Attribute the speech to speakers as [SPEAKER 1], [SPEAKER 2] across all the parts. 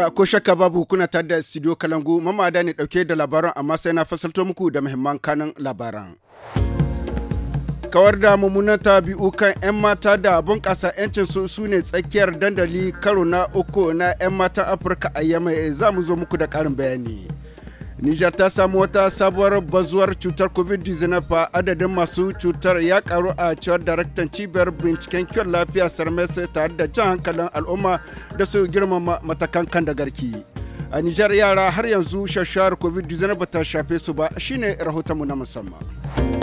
[SPEAKER 1] haka ko shakka babu kuna tare da studio kalangu mamada ne dauke da labaran amma sai na fasalto muku da muhimman kanin labaran. kawar da mummunan tabi'u kan 'yan mata da bunƙasa 'yancinsu su ne tsakiyar dandali karo na uku na 'yan matan afirka a yamai za mu zo muku da ƙarin bayani Nijar ta samu wata sabuwar bazuwar cutar COVID-19 a adadin masu cutar ya karu a cewar daraktan cibiyar binciken kiwon lafiya sarmes tare da jan hankalin al'umma da su girmama matakan kan da garki. A Nijar yara har yanzu shashar COVID-19 ba ta shafe su ba shine rahotonmu na musamman.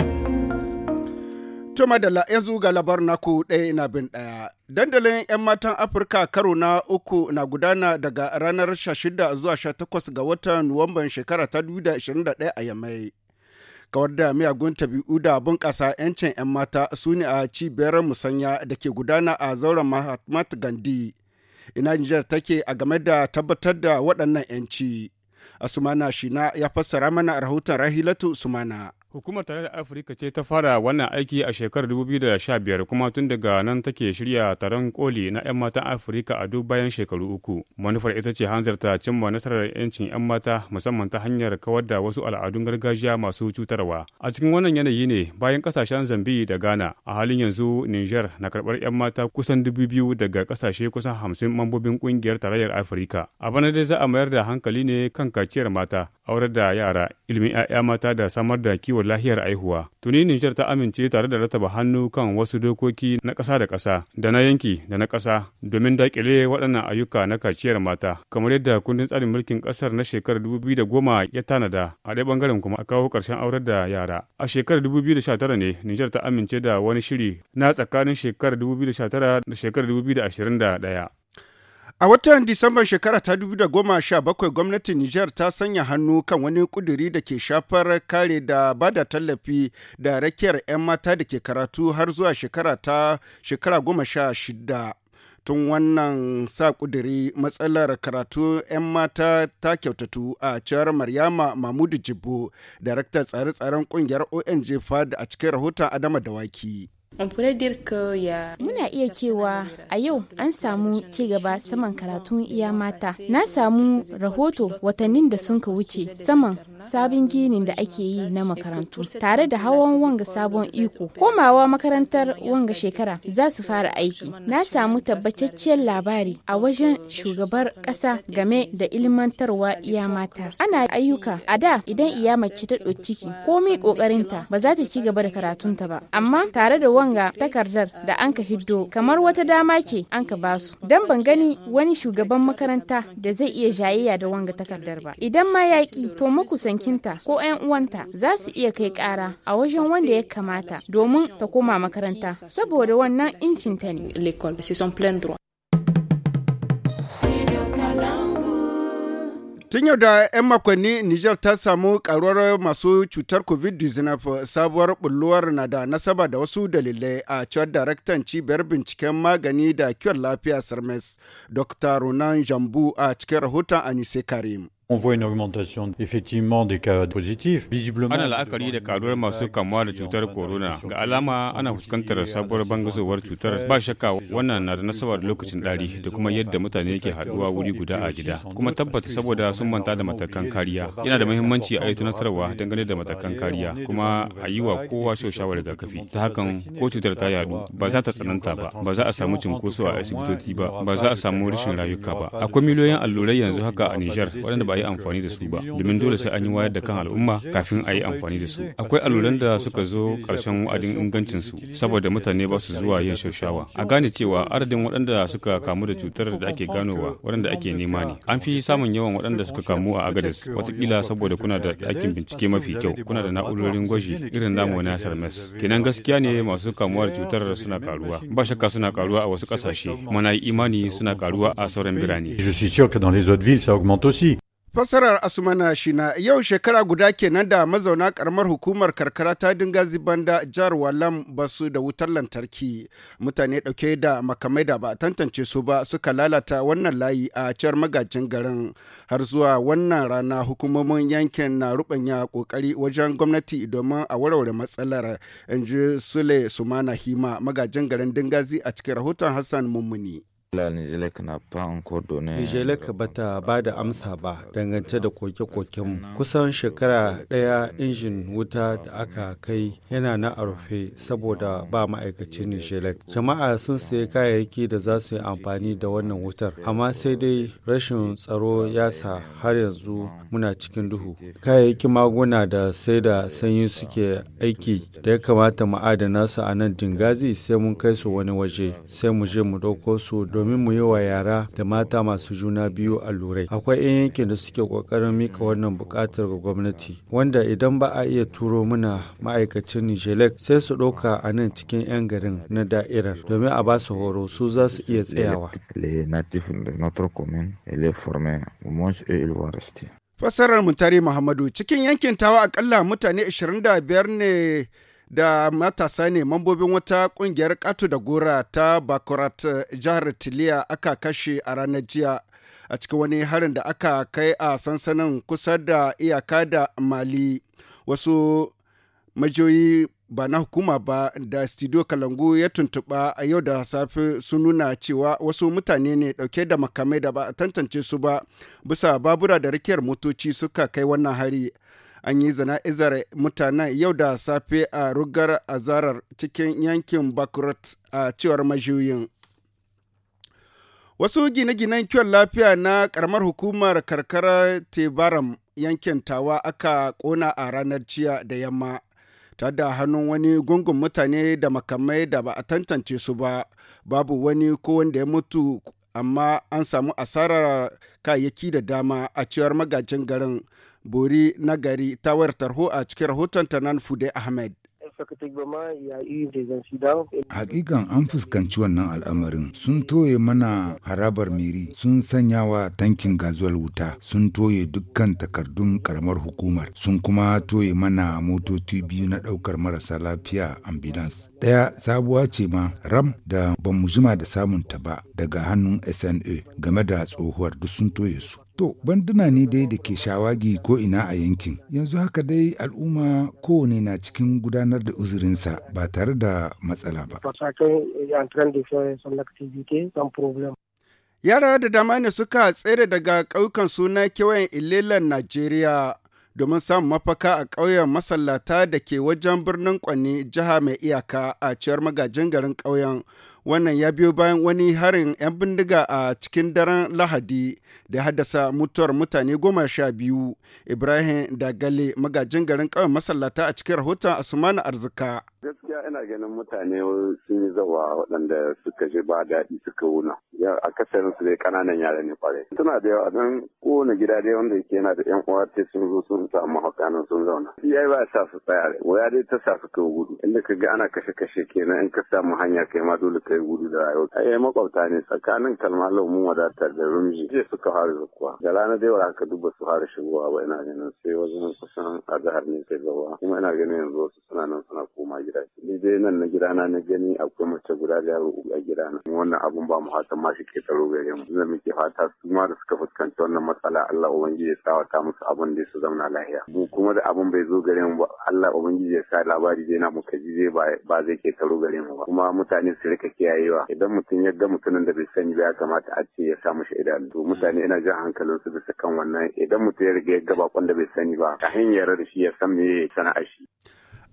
[SPEAKER 1] da la yanzu ga labar ku ɗaya na bin ɗaya. Dandalin 'yan matan Afirka karo na uku na gudana daga ranar 16 zuwa 18 ga watan Nuwamban shekara ta 2021 a Yamai. Kawar da miyagun tabi'u da bunƙasa 'yancin 'yan mata su ne a cibiyar musanya da ke gudana a zauren Mahatma Gandhi. Ina Nijar take a game da tabbatar da waɗannan 'yanci. Asumana Shina ya fassara mana rahoton Rahilatu Sumana.
[SPEAKER 2] Hukumar Tarayyar Afirka ce ta fara wannan aiki a shekarar 2015 kuma tun daga nan take shirya taron koli na 'yan matan Afirka a duk bayan shekaru uku. Manufar ita ce hanzarta cimma nasarar 'yancin 'yan mata musamman ta hanyar kawar da wasu al'adun gargajiya masu cutarwa. A cikin wannan yanayi ne bayan kasashen Zambi da Ghana a halin yanzu Niger na karɓar 'yan mata kusan dubu biyu daga kasashe kusan hamsin mambobin ƙungiyar Tarayyar Afirka. A bana dai za a mayar da hankali ne kan kaciyar mata, aurar da yara, ilimin 'ya'ya mata da samar da kiwon kiwon lahiyar aihuwa. Tuni Nijar ta amince tare da rataba hannu kan wasu dokoki na ƙasa da ƙasa da na yanki da na ƙasa domin daƙile waɗannan ayyuka na kaciyar mata kamar yadda kundin tsarin mulkin ƙasar na shekarar goma ya tanada a ɗaya ɓangaren kuma a kawo ƙarshen aurar da yara. A shekarar tara ne Nijar ta amince da wani shiri na tsakanin shekarar tara da shekarar
[SPEAKER 1] ɗaya. A watan Disamban shekara ta bakwai gwamnatin Nijar ta sanya hannu kan wani kuduri da ke shafar kare da bada tallafi da rakiyar 'yan mata da ke karatu har zuwa shekara ta shekara goma sha shida. Tun wannan sa kuduri matsalar karatu 'yan mata ta kyautatu a cewar Maryama Mahmudu Jibbo, daraktar tsare-tsaren kungiyar ONG FAD a cikin rahoton Adama Dawaki.
[SPEAKER 3] Muna iya cewa a yau an samu ci gaba saman karatun iya mata. Na samu rahoto watannin da sun ka wuce saman sabin ginin da ake yi na makarantu tare da hawan wanga sabon iko. Komawa makarantar wanga shekara za su fara aiki. Na samu tabbatacciyar labari a wajen shugabar ƙasa game da ilmantarwa iya mata. Ana ayyuka a da idan iya mace ta ciki komai ƙoƙarinta ba za ta ci gaba da karatunta ba. Amma tare da wanga takardar da an ka hiddo kamar wata dama ke an ka ba su, dan ban gani wani shugaban makaranta da zai iya jayayya da wanga takardar ba idan ma yaƙi to makusankinta ko 'yan uwanta za su iya kai ƙara a wajen wanda ya kamata domin ta koma makaranta saboda wannan incinta ne
[SPEAKER 1] Tun yau da 'yan makonni Nijar ta samu karuwar masu cutar COVID-19 sabuwar bulluwar na da nasaba da wasu dalilai a cewar daraktan cibiyar binciken magani da kiwon lafiya Sarmes, Dr. Ronan Jambu a cikin rahoton Anise Karim.
[SPEAKER 4] On voit une augmentation effectivement des cas positifs. Visiblement,
[SPEAKER 2] ana la'akari da karuwar masu kamuwa da cutar corona. Ga alama ana fuskantar sabuwar bangazowar cutar. Ba shakka wannan na da nasaba da lokacin ɗari da kuma yadda mutane ke haɗuwa wuri guda a gida. Kuma tabbata saboda sun manta da matakan kariya. Yana da muhimmanci a yi tunatarwa dangane da matakan kariya kuma a yi wa kowa shawarar rigakafi. Ta hakan ko cutar ta yadu ba za ta tsananta ba, ba za a samu cunkoso a asibitoci ba, ba za a samu rashin rayuka ba. Akwai miliyoyin allurai yanzu haka a Nijar waɗanda ba yi amfani da su ba domin dole sai an yi wayar da kan al'umma kafin a yi amfani da su akwai alluran da suka zo karshen wa'adin ingancin su saboda mutane ba su zuwa yin shaushawa a gane cewa adadin waɗanda suka kamu da cutar da ake ganowa waɗanda ake nema ne an fi samun yawan waɗanda suka kamu a agadas watakila saboda kuna da ɗakin bincike mafi kyau kuna da na'urorin gwaji irin namu na sarmes kenan gaskiya ne masu kamuwa da cutar suna karuwa ba shakka suna karuwa a wasu ƙasashe mana yi imani suna karuwa a sauran birane.
[SPEAKER 4] Je suis sûr que dans les autres villes, ça augmente aussi.
[SPEAKER 1] Fasarar Asmana Shina yau shekara guda kenan da mazauna karamar hukumar karkara ta dinga Dingazi Banda jihar Walam basu da wutar lantarki. Mutane dauke da makamai da ba a tantance su ba suka lalata wannan layi a ciyar magajin garin. Har zuwa wannan rana hukumomin yankin na rubanya kokari wajen gwamnati domin a warware matsalar. In ji Sule Sumana Hima magajin garin Dingazi a cikin rahoton Hassan Mummuni.
[SPEAKER 4] Nijelek ba ta ba da amsa ba dangance da koke-kokenmu. Kusan shekara ɗaya injin wuta da aka kai yana na a rufe saboda ba ma'aikacin Nijelek. Jama'a sun sayi kayayyaki da za su yi amfani da wannan wutar, amma sai dai rashin tsaro ya sa har yanzu muna cikin duhu. Kayayyakin maguna da sai da sanyi suke aiki da ya kamata mu adana su a nan Dingazi sai mun kai su wani waje, sai mu je mu ɗauko su domin mu yi wa yara da mata masu juna biyu allurai. Akwai 'yan yankin da suke kokarin mika wannan bukatar ga gwamnati, wanda idan ba a iya turo muna ma'aikacin Nijelek sai su ɗauka a nan cikin 'yan garin na da'irar domin a ba su horo su za su iya tsayawa.
[SPEAKER 1] fasarar Muntari Muhammadu cikin yankin tawa akalla mutane 25 ne da matasa ne mambobin wata kungiyar katu da gora ta bakurat jihar tiliya aka kashe a ranar jiya a cikin wani harin da aka kai a sansanin kusa da iyaka da mali wasu majoyi ba na hukuma ba da studio kalangu ya tuntuɓa a yau da safe sun nuna cewa wasu mutane ne ɗauke da makamai da ba a tantance su ba bisa babura da rikiyar motoci suka kai wannan hari an yi zana'izar mutanen yau da safe a rugar azarar cikin yankin bakurat a cewar majiyoyin wasu gine-ginen kiwon lafiya na karamar hukumar karkara tebaram yankin tawa aka kona a ranar jiya da yamma ta da hannun wani gungun mutane da makamai da ba a tantance su ba babu wani ko wanda ya mutu amma an samu asarar kayayyaki da dama a cewar magajin garin bori na gari ta wayar tarho a cikin rahoton ta nan fude ahmed
[SPEAKER 3] Hakikan an fuskanci wannan al'amarin sun toye mana harabar meri sun sanya wa tankin gazuwar wuta sun toye dukkan takardun karamar hukumar sun kuma toye mana motoci biyu na daukar marasa lafiya ambulance. Daya sabuwa ce ma ram da ban mu jima da samunta ba daga hannun SNA game da tsohuwar duk sun toye su. To, banduna ne dai da ke shawagi ko ina a yankin. Yanzu haka dai al'umma kowane na cikin gudanar da uzurinsa ba tare da matsala ba.
[SPEAKER 1] Yara da dama ne suka tsere daga ƙauyukan suna kewayen Ilelan Najeriya domin samun mafaka a ƙauyen masallata da ke wajen birnin Kwanne jiha mai iyaka a ciyar magajin garin ƙauyen. Wannan ya biyo bayan wani harin 'yan bindiga a cikin daren Lahadi da haddasa mutuwar mutane goma sha biyu. Ibrahim Dagale magajin garin kawai masallata a cikin rahoton asumana Arzika.
[SPEAKER 5] ina ganin mutane sun yi zawa waɗanda suka ji ba daɗi suka wuna a kasarin su dai kananan yara ne kwarai suna da yawa don kowane gida dai wanda yake yana da yan uwa ta sun zo sun samu hakanan sun zauna iyaye ba sa su tsaya waya dai ta sa su kai gudu inda ka ga ana kashe kashe kenan in ka samu hanya kai ma dole kai gudu da rayuwa ai makwabta ne tsakanin kalma mun wadatar da rumji jiya suka fara zukuwa da rana dai wa haka duba su fara shigowa ba ina ganin sai nan kusan a jihar ne ta gawa kuma ina ganin yanzu wasu suna nan suna koma gida ni dai nan na gida na na gani akwai mace guda da yaro a gidana wannan abun ba mu fatan ma shi ke tsaro gare mu da muke fata su ma da suka fuskanci wannan matsala Allah ubangiji ya tsawata musu abin da su zauna lafiya mu kuma da abun bai zo gare mu ba Allah ubangiji ya sa labari dai na muka ji zai ba zai ke tsaro gare mu ba kuma mutane su rika kiyayewa idan mutum ya ga mutumin da bai sani ba ya kamata a ce ya sa mishi idanu to mutane ina jin hankalin su bisa kan wannan idan mutum ya riga ya ga bakon da bai sani ba ta hanyar da shi ya san me sana'ar shi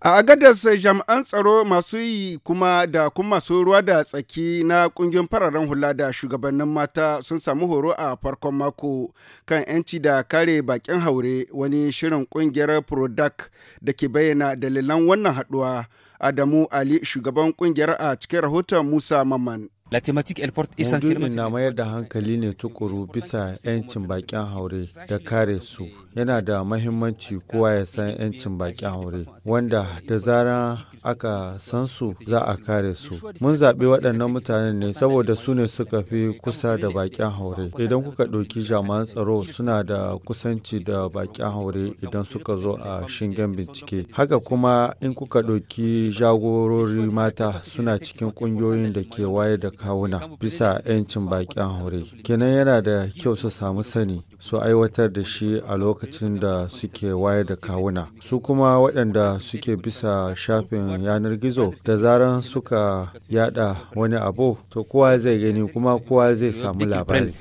[SPEAKER 1] a Agadar jami'an tsaro masu yi kuma da kuma masu ruwa da tsaki na kungiyar fararen hula da shugabannin mata sun samu horo a farkon mako kan 'yanci da kare bakin haure wani shirin kungiyar prodac da ke bayyana dalilan wannan haduwa adamu ali shugaban kungiyar a cikin rahoton musa maman La thématique elle porte
[SPEAKER 4] essentiellement na mayar da hankali ne tukuru bisa 'yancin bakin haure da kare su. Yana da mahimmanci kowa ya san 'yancin bakin haure wanda da zarar aka san su za a kare su. Mun zaɓi waɗannan mutanen ne saboda su ne suka fi kusa da bakin haure. Idan kuka ɗauki jami'an tsaro suna da kusanci da bakin haure idan suka zo a shingen bincike. Haka kuma in kuka ɗauki jagorori mata suna cikin ƙungiyoyin da ke wayar da kawuna bisa 'yancin baƙin haure. Kenan yana da kyau su samu sani su aiwatar da shi a lokacin da suke wayar da kawuna. Su kuma waɗanda suke bisa shafin yanar gizo da zaran suka yada wani abu to kowa zai gani kuma kowa zai samu labari.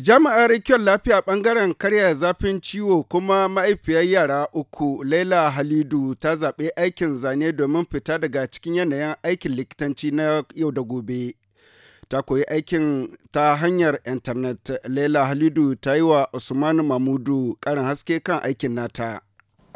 [SPEAKER 1] Jami'ar kyau lafiya bangaren karya zafin ciwo kuma ma'aifiyar yara uku Laila Halidu ta zaɓi aikin zane domin fita daga cikin yanayin aikin likitanci na yau da gobe. Ta koyi aikin ta hanyar intanet Laila Halidu ta yi wa Usman Mamudu ƙarin haske kan aikin nata.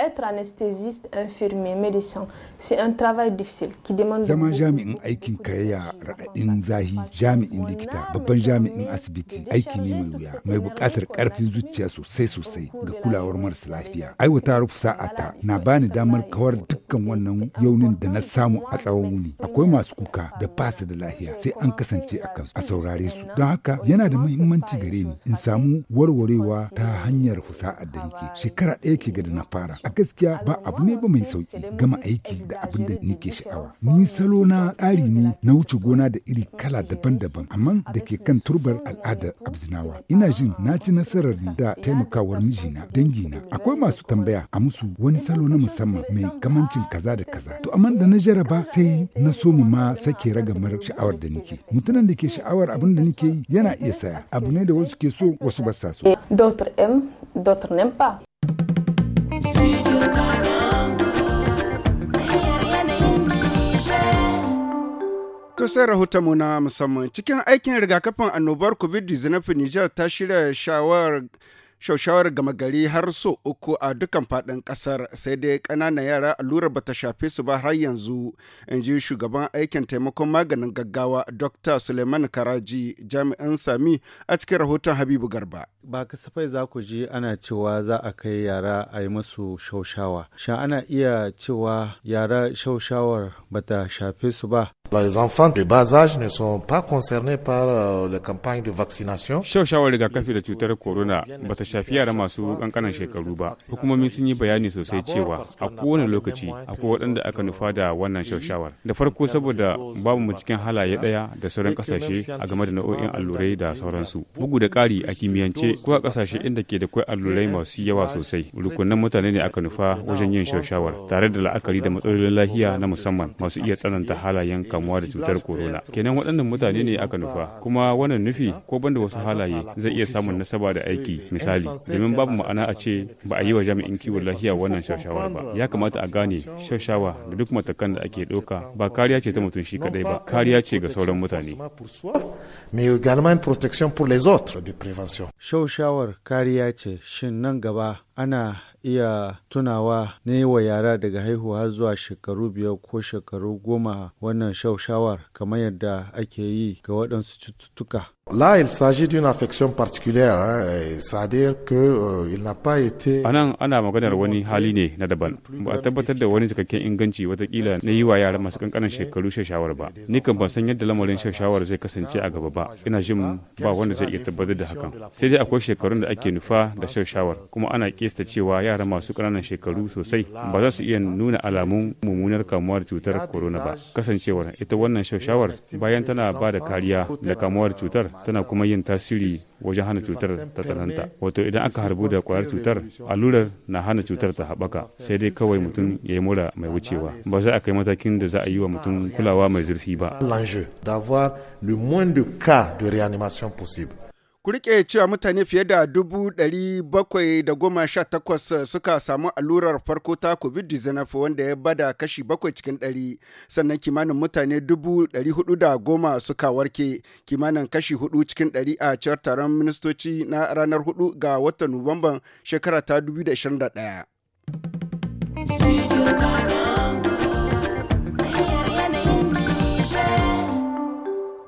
[SPEAKER 2] être anesthésiste, infirmier, médecin,
[SPEAKER 3] c'est un travail difficile qui demande Zama jami'in aikin karaya raɗaɗin zahi, jami'in likita, babban jami'in asibiti, aiki ne mai wuya, mai buƙatar ƙarfin zuciya sosai sosai ga kulawar marasa lafiya. Aiwata rufe sa'ata na bani damar kawar dukkan wannan yaunin da na samu a tsawon wuni. Akwai masu kuka da fasa da lahiya sai an kasance a kansu a saurare su. Don haka yana da muhimmanci gare ni in samu warwarewa ta hanyar fusa'ar da nake. Shekara ɗaya ke ga da na fara. A gaskiya ba abu ne ba mai sauki gama aiki da abin da nike sha'awa. Ni salo na tsari ne na wuce gona da iri kala daban-daban amma da ke kan turbar al'adar abzinawa. Ina jin na ci nasarar da taimakawar mijina dangina. Akwai masu tambaya a musu wani salo na musamman mai kamancin kaza da kaza. To amma da na jaraba sai na so mu ma sake ragamar sha'awar da nike Mutumin da ke sha'awar abin da nike yana iya saya. Abu ne da wasu ke so wasu ba sa so. dr m
[SPEAKER 2] dr nempa
[SPEAKER 1] To sai mu na musamman cikin aikin rigakafin annobar COVID-19 Nijar ta shirya shawar shawarar gama gari har so uku a dukkan faɗin ƙasar sai dai ƙananan yara ba bata shafe su ba har yanzu in ji shugaban aikin taimakon maganin gaggawa dr suleiman karaji jami'an sami a cikin rahoton habibu garba
[SPEAKER 4] ba kasafai za ku ji ana cewa za a kai yara a yi masu shaushawa sha ana iya cewa yara shaushawar bata shafe su ba
[SPEAKER 1] Les enfants de bas âge ne sont pas
[SPEAKER 4] concernés par euh, la campagne de vaccination.
[SPEAKER 2] Shaushawar rigakafi da cutar corona bata shafi yara masu kankanan shekaru ba hukumomi sun yi bayani sosai cewa a kowane lokaci akwai waɗanda aka nufa da wannan shaushawar da farko saboda babu mu cikin halaye ɗaya da sauran ƙasashe a game da nau'o'in allurai da sauransu bugu da ƙari a kimiyyance ko a ƙasashe inda ke da kwai allurai masu yawa sosai rukunan mutane ne aka nufa wajen yin shaushawar tare da la'akari da matsalolin lafiya na musamman masu iya tsananta halayen kamuwa da cutar corona kenan waɗannan mutane ne aka nufa kuma wannan nufi ko banda wasu halaye zai iya samun nasaba da aiki misali misali domin babu ma'ana a ce ba a yi wa jami'in kiwon lafiya wannan shashawar ba ya kamata a gane shashawa da duk matakan da ake ɗauka ba kariya ce ta mutum shi kadai ba kariya ce ga sauran mutane
[SPEAKER 4] shashawar kariya ce shin nan gaba ana iya tunawa ne wa yara daga haihuwa zuwa shekaru biyar ko shekaru goma wannan shaushawar kamar yadda ake yi ga waɗansu cututtuka Là, il s'agit d'une affection particulière, c'est-à-dire que euh, n'a pas été. A
[SPEAKER 2] nan ana maganar wani hali ne na daban. Ba a tabbatar da wani cikakken inganci watakila na yi wa yara masu kankanan shekaru shashawar ba. Ni kan ban san yadda lamarin shashawar zai kasance a gaba ba. Ina jin ba wanda zai iya tabbatar da hakan. Sai dai akwai shekarun da ake nufa da shashawar, kuma ana kesta cewa yara masu kananan shekaru sosai ba za su iya nuna alamun mummunar kamuwa da cutar corona ba. Kasancewar ita wannan shashawar bayan tana ba da kariya da kamuwa cutar tana kuma yin tasiri wajen hana cutar ta tsananta wato idan aka harbu da kwayar cutar allurar na hana cutar ta haɓaka sai dai kawai mutum ya yi mura mai wucewa ba za a kai matakin da za a yi wa mutum kulawa mai zurfi ba.
[SPEAKER 1] de Ku cewa mutane fiye da dubu ɗari bakwai da goma sha takwas eh, suka samu allurar farko ta COVID-19 wanda ya bada kashi bakwai cikin ɗari, sannan kimanin mutane dubu ɗari hudu da goma suka warke, kimanin kashi hudu cikin ɗari a cewar taron ministoci na ranar hudu ga watan Nuwamban shekara ta 2021.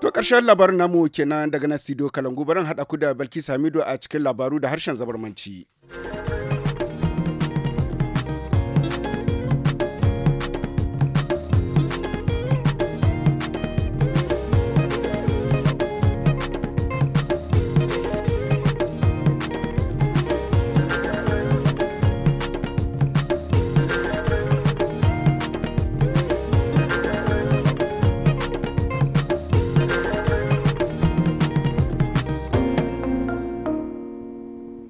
[SPEAKER 1] To karshen labarin namu kenan daga nan sido Kalangu barin haɗa ku da Balkis Hamidu a cikin labaru da harshen zabarmanci.